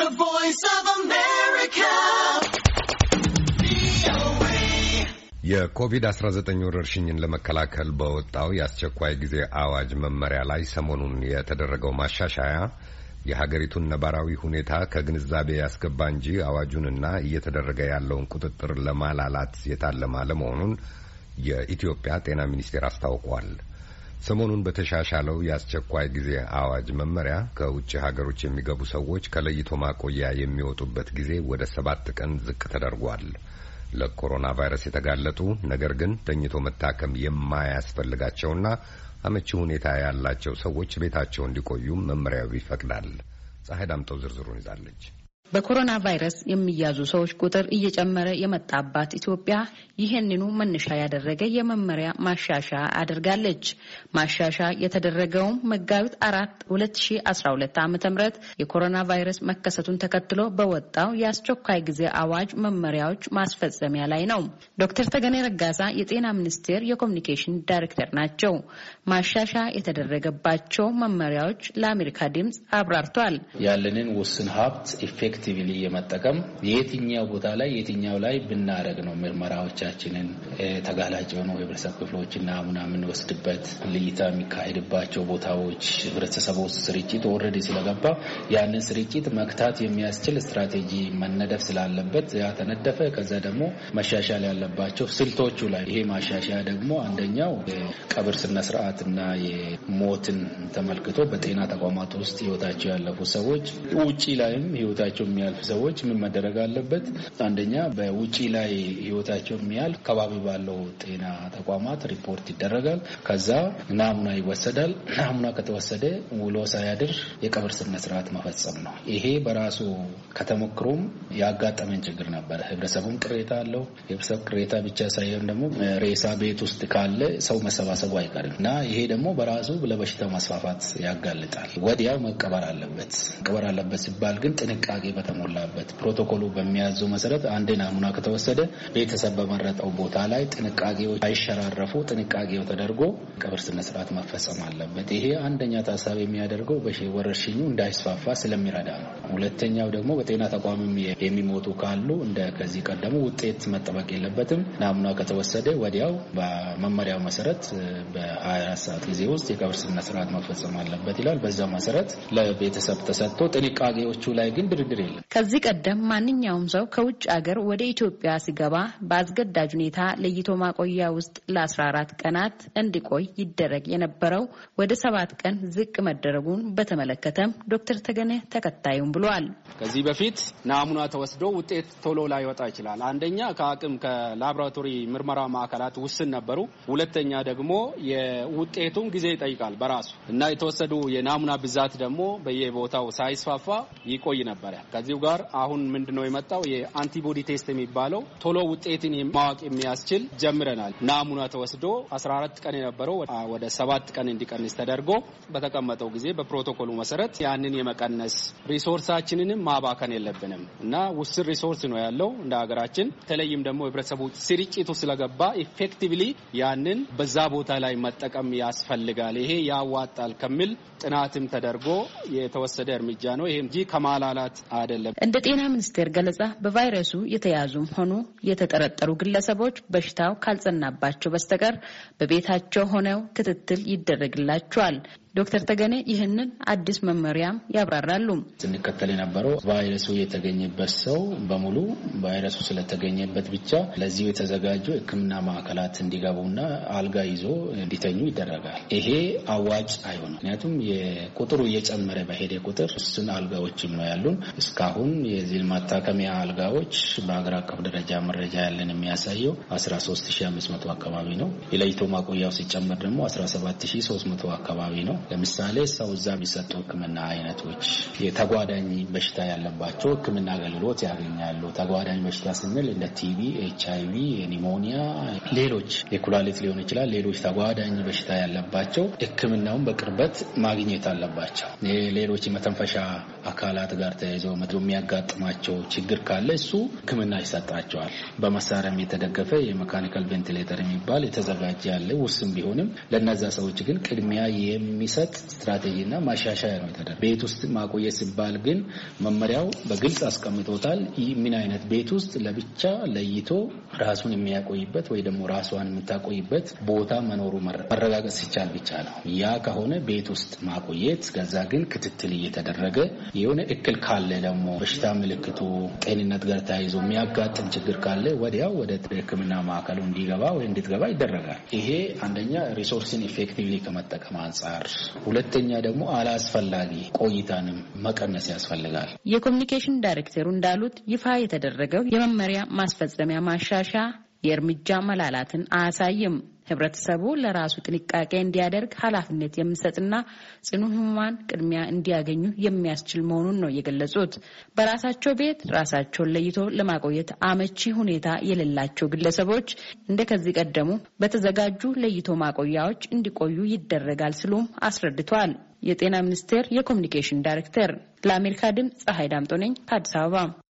The Voice of America. የኮቪድ-19 ወረርሽኝን ለመከላከል በወጣው የአስቸኳይ ጊዜ አዋጅ መመሪያ ላይ ሰሞኑን የተደረገው ማሻሻያ የሀገሪቱን ነባራዊ ሁኔታ ከግንዛቤ ያስገባ እንጂ አዋጁንና እየተደረገ ያለውን ቁጥጥር ለማላላት የታለመ አለመሆኑን የኢትዮጵያ ጤና ሚኒስቴር አስታውቋል። ሰሞኑን በተሻሻለው የአስቸኳይ ጊዜ አዋጅ መመሪያ ከውጭ ሀገሮች የሚገቡ ሰዎች ከለይቶ ማቆያ የሚወጡበት ጊዜ ወደ ሰባት ቀን ዝቅ ተደርጓል። ለኮሮና ቫይረስ የተጋለጡ ነገር ግን ተኝቶ መታከም የማያስፈልጋቸውና አመቺ ሁኔታ ያላቸው ሰዎች ቤታቸው እንዲቆዩም መመሪያው ይፈቅዳል። ፀሐይ ዳምጠው ዝርዝሩን ይዛለች። በኮሮና ቫይረስ የሚያዙ ሰዎች ቁጥር እየጨመረ የመጣባት ኢትዮጵያ ይህንኑ መነሻ ያደረገ የመመሪያ ማሻሻ አድርጋለች። ማሻሻ የተደረገውም መጋቢት አራት ሁለት ሺ አስራ ሁለት ዓመተ ምህረት የኮሮና ቫይረስ መከሰቱን ተከትሎ በወጣው የአስቸኳይ ጊዜ አዋጅ መመሪያዎች ማስፈጸሚያ ላይ ነው። ዶክተር ተገኔ ረጋሳ የጤና ሚኒስቴር የኮሚኒኬሽን ዳይሬክተር ናቸው። ማሻሻ የተደረገባቸው መመሪያዎች ለአሜሪካ ድምጽ አብራርቷል። ያለንን ውስን ሀብት ኢፌክት ኢፌክቲቭሊ የመጠቀም የትኛው ቦታ ላይ የትኛው ላይ ብናደረግ ነው ምርመራዎቻችንን ተጋላጭ የሆኑ የህብረተሰብ ክፍሎችና ናሙና የምንወስድበት ልይታ የሚካሄድባቸው ቦታዎች ህብረተሰቡ ስርጭት ወረድ ስለገባ ያንን ስርጭት መክታት የሚያስችል ስትራቴጂ መነደፍ ስላለበት ያ ተነደፈ። ከዛ ደግሞ መሻሻል ያለባቸው ስልቶቹ ላይ ይሄ ማሻሻያ ደግሞ አንደኛው የቀብር ስነ ስርዓትና የሞትን ተመልክቶ በጤና ተቋማት ውስጥ ህይወታቸው ያለፉ ሰዎች ውጪ ላይም ህይወታቸው የሚያልፍ ሰዎች ምን መደረግ አለበት? አንደኛ በውጪ ላይ ህይወታቸው የሚያልፍ ከባቢ ባለው ጤና ተቋማት ሪፖርት ይደረጋል። ከዛ ናሙና ይወሰዳል። ናሙና ከተወሰደ ውሎ ሳያድር የቀብር ስነ ስርዓት መፈጸም ነው። ይሄ በራሱ ከተሞክሮም ያጋጠመን ችግር ነበረ። ህብረተሰቡም ቅሬታ አለው። የህብረተሰብ ቅሬታ ብቻ ሳይሆን ደግሞ ሬሳ ቤት ውስጥ ካለ ሰው መሰባሰቡ አይቀርም እና ይሄ ደግሞ በራሱ ለበሽታው ማስፋፋት ያጋልጣል። ወዲያው መቀበር አለበት። መቀበር አለበት ሲባል ግን ጥንቃቄ በተሞላበት ፕሮቶኮሉ በሚያዙ መሰረት አንዴ ናሙና ከተወሰደ ቤተሰብ በመረጠው ቦታ ላይ ጥንቃቄዎች አይሸራረፉ ጥንቃቄው ተደርጎ ቀብር ስነስርዓት መፈጸም አለበት። ይሄ አንደኛ ታሳቢ የሚያደርገው በሺ ወረርሽኙ እንዳይስፋፋ ስለሚረዳ ነው። ሁለተኛው ደግሞ በጤና ተቋም የሚሞቱ ካሉ እንደ ከዚህ ቀደሙ ውጤት መጠበቅ የለበትም። ናሙና ከተወሰደ ወዲያው በመመሪያው መሰረት በ24 ሰዓት ጊዜ ውስጥ የቀብር ስነስርዓት መፈጸም አለበት ይላል። በዛ መሰረት ለቤተሰብ ተሰጥቶ ጥንቃቄዎቹ ላይ ግን ድርድር ከዚህ ቀደም ማንኛውም ሰው ከውጭ አገር ወደ ኢትዮጵያ ሲገባ በአስገዳጅ ሁኔታ ለይቶ ማቆያ ውስጥ ለ14 ቀናት እንዲቆይ ይደረግ የነበረው ወደ ሰባት ቀን ዝቅ መደረጉን በተመለከተም ዶክተር ተገነ ተከታዩም ብሏል። ከዚህ በፊት ናሙና ተወስዶ ውጤት ቶሎ ላይወጣ ይችላል። አንደኛ ከአቅም ከላቦራቶሪ ምርመራ ማዕከላት ውስን ነበሩ። ሁለተኛ ደግሞ የውጤቱን ጊዜ ይጠይቃል በራሱ እና የተወሰዱ የናሙና ብዛት ደግሞ በየቦታው ሳይስፋፋ ይቆይ ነበረ። ከዚሁ ጋር አሁን ምንድነው የመጣው የአንቲቦዲ ቴስት የሚባለው ቶሎ ውጤትን ማወቅ የሚያስችል ጀምረናል። ናሙና ተወስዶ 14 ቀን የነበረው ወደ ሰባት ቀን እንዲቀንስ ተደርጎ በተቀመጠው ጊዜ በፕሮቶኮሉ መሰረት ያንን የመቀነስ ሪሶርሳችንንም ማባከን የለብንም እና ውስን ሪሶርስ ነው ያለው እንደ ሀገራችን። በተለይም ደግሞ ህብረተሰቡ ስርጭቱ ስለገባ ኢፌክቲቭሊ ያንን በዛ ቦታ ላይ መጠቀም ያስፈልጋል፣ ይሄ ያዋጣል ከሚል ጥናትም ተደርጎ የተወሰደ እርምጃ ነው። ይሄ እንጂ ከማላላት አይደለም። እንደ ጤና ሚኒስቴር ገለጻ በቫይረሱ የተያዙም ሆኑ የተጠረጠሩ ግለሰቦች በሽታው ካልጸናባቸው በስተቀር በቤታቸው ሆነው ክትትል ይደረግላቸዋል። ዶክተር ተገኔ ይህንን አዲስ መመሪያም ያብራራሉ። ስንከተል የነበረው ቫይረሱ የተገኘበት ሰው በሙሉ ቫይረሱ ስለተገኘበት ብቻ ለዚሁ የተዘጋጁ ሕክምና ማዕከላት እንዲገቡና አልጋ ይዞ እንዲተኙ ይደረጋል። ይሄ አዋጭ አይሆንም። ምክንያቱም የቁጥሩ እየጨመረ በሄደ ቁጥር እሱን አልጋዎችም ነው ያሉን። እስካሁን የዚህን ማታከሚያ አልጋዎች በሀገር አቀፍ ደረጃ መረጃ ያለን የሚያሳየው 13500 አካባቢ ነው። የለይቶ ማቆያው ሲጨመር ደግሞ 17300 አካባቢ ነው። ለምሳሌ ሰው እዛ የሚሰጡ ሕክምና አይነቶች የተጓዳኝ በሽታ ያለባቸው ሕክምና አገልግሎት ያገኛሉ። ተጓዳኝ በሽታ ስንል እንደ ቲቪ፣ ኤች አይቪ፣ ኒሞኒያ፣ ሌሎች የኩላሊት ሊሆን ይችላል። ሌሎች ተጓዳኝ በሽታ ያለባቸው ሕክምናውን በቅርበት ማግኘት አለባቸው። ሌሎች መተንፈሻ አካላት ጋር ተያይዘው መድሮ የሚያጋጥማቸው ችግር ካለ እሱ ሕክምና ይሰጣቸዋል። በመሳሪያም የተደገፈ የመካኒካል ቬንቲሌተር የሚባል የተዘጋጀ ያለ ውስን ቢሆንም ለእነዛ ሰዎች ግን ቅድሚያ የሚሰጥ ስትራቴጂና ማሻሻያ ነው የተደረገ። ቤት ውስጥ ማቆየት ሲባል ግን መመሪያው በግልጽ አስቀምጦታል። ምን አይነት ቤት ውስጥ ለብቻ ለይቶ ራሱን የሚያቆይበት ወይ ደግሞ ራሷን የምታቆይበት ቦታ መኖሩ መረጋገጥ ሲቻል ብቻ ነው። ያ ከሆነ ቤት ውስጥ ማቆየት፣ ከዛ ግን ክትትል እየተደረገ የሆነ እክል ካለ ደግሞ በሽታ ምልክቱ ጤንነት ጋር ተያይዞ የሚያጋጥም ችግር ካለ ወዲያው ወደ ሕክምና ማዕከሉ እንዲገባ ወይ እንድትገባ ይደረጋል። ይሄ አንደኛ ሪሶርስን ኢፌክቲቭሊ ከመጠቀም አንጻር፣ ሁለተኛ ደግሞ አላስፈላጊ ቆይታንም መቀነስ ያስፈልጋል። የኮሚኒኬሽን ዳይሬክተሩ እንዳሉት ይፋ የተደረገው የመመሪያ ማስፈጸሚያ ማሻሻ የእርምጃ መላላትን አያሳይም። ህብረተሰቡ ለራሱ ጥንቃቄ እንዲያደርግ ኃላፊነት የሚሰጥና ጽኑ ህሙማን ቅድሚያ እንዲያገኙ የሚያስችል መሆኑን ነው የገለጹት። በራሳቸው ቤት ራሳቸውን ለይቶ ለማቆየት አመቺ ሁኔታ የሌላቸው ግለሰቦች እንደ ከዚህ ቀደሙ በተዘጋጁ ለይቶ ማቆያዎች እንዲቆዩ ይደረጋል ሲሉም አስረድቷል። የጤና ሚኒስቴር የኮሚኒኬሽን ዳይሬክተር ለአሜሪካ ድምፅ ፀሐይ ዳምጦ ነኝ ከአዲስ አበባ